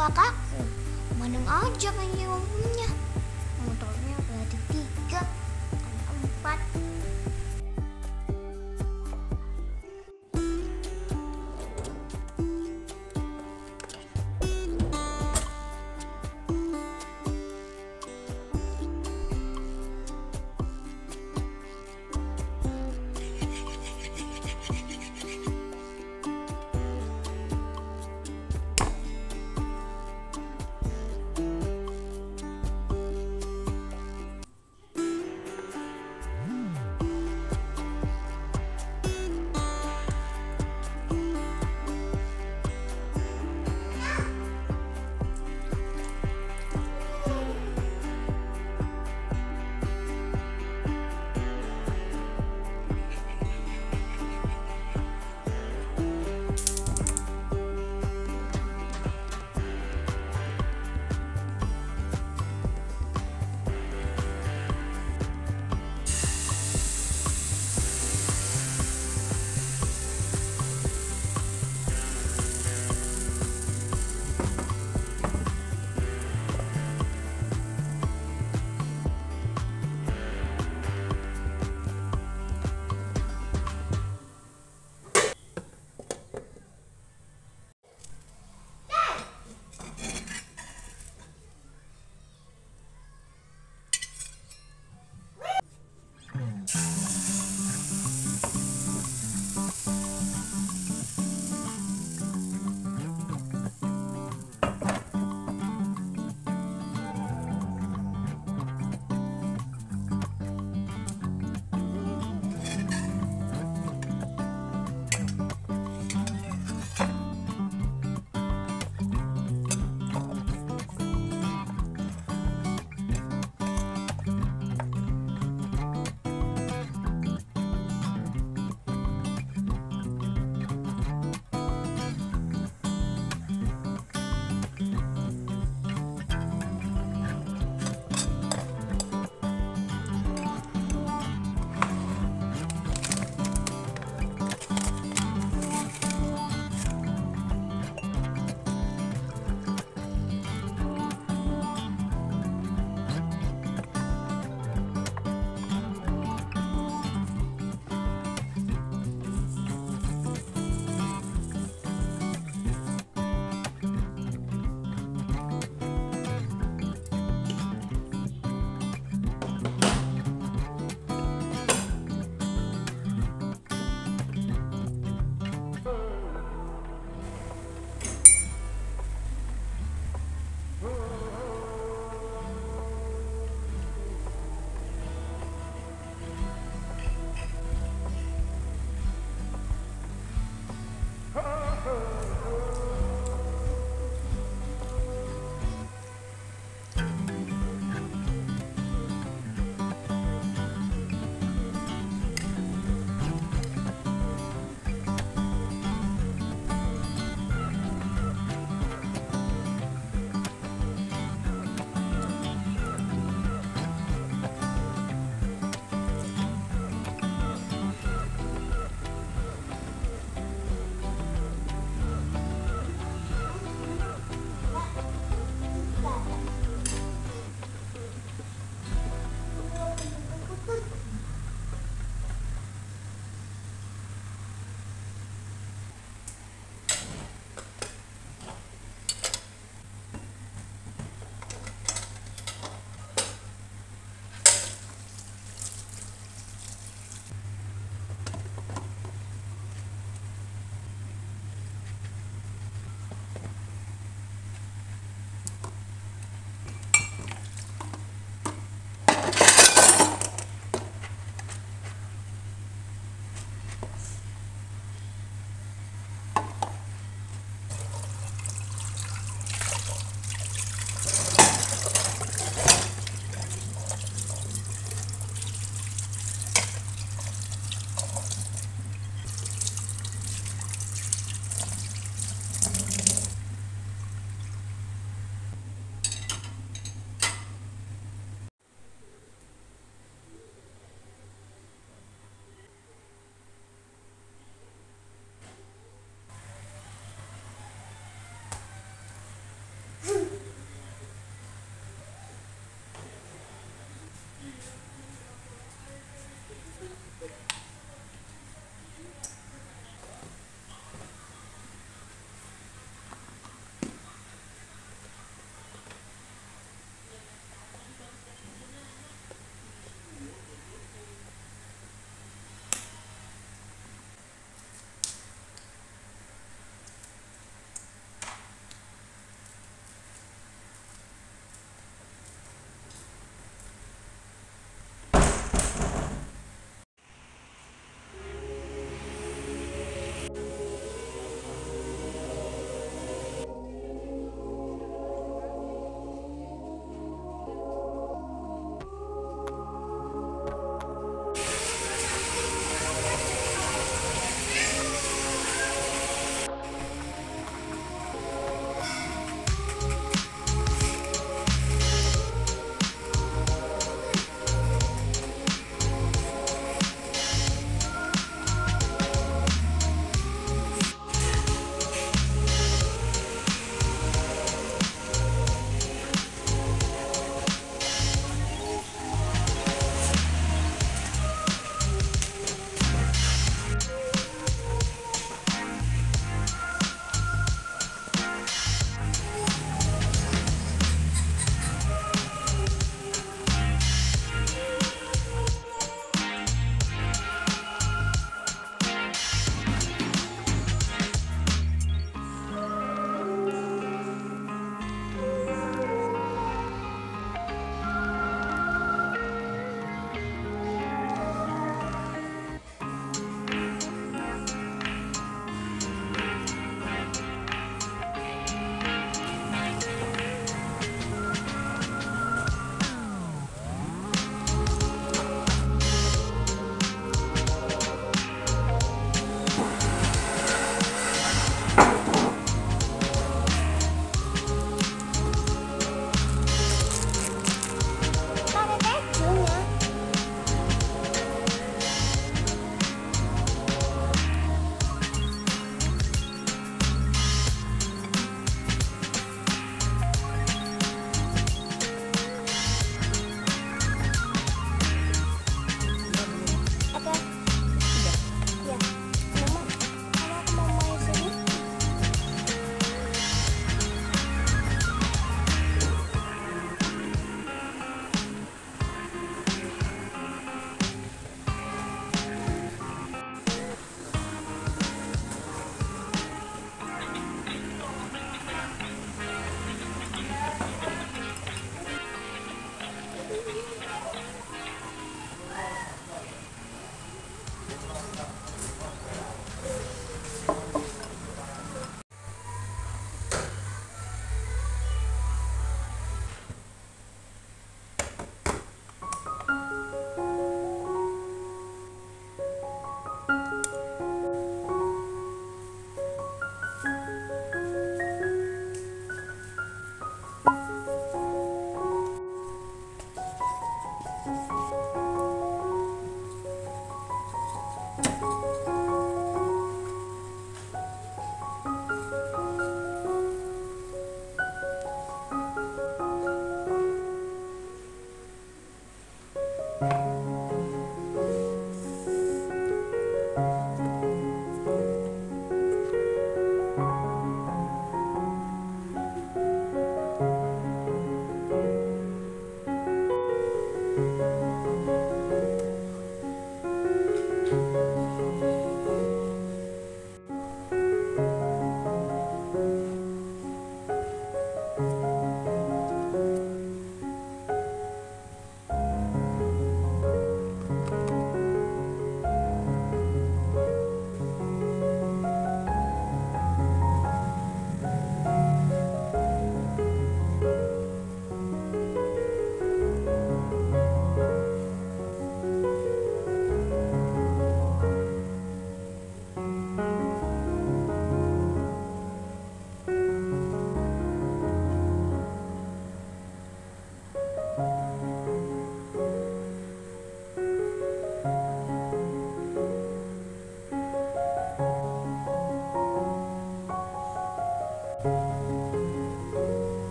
kakakku. Maneng aja pengen punya. Bye.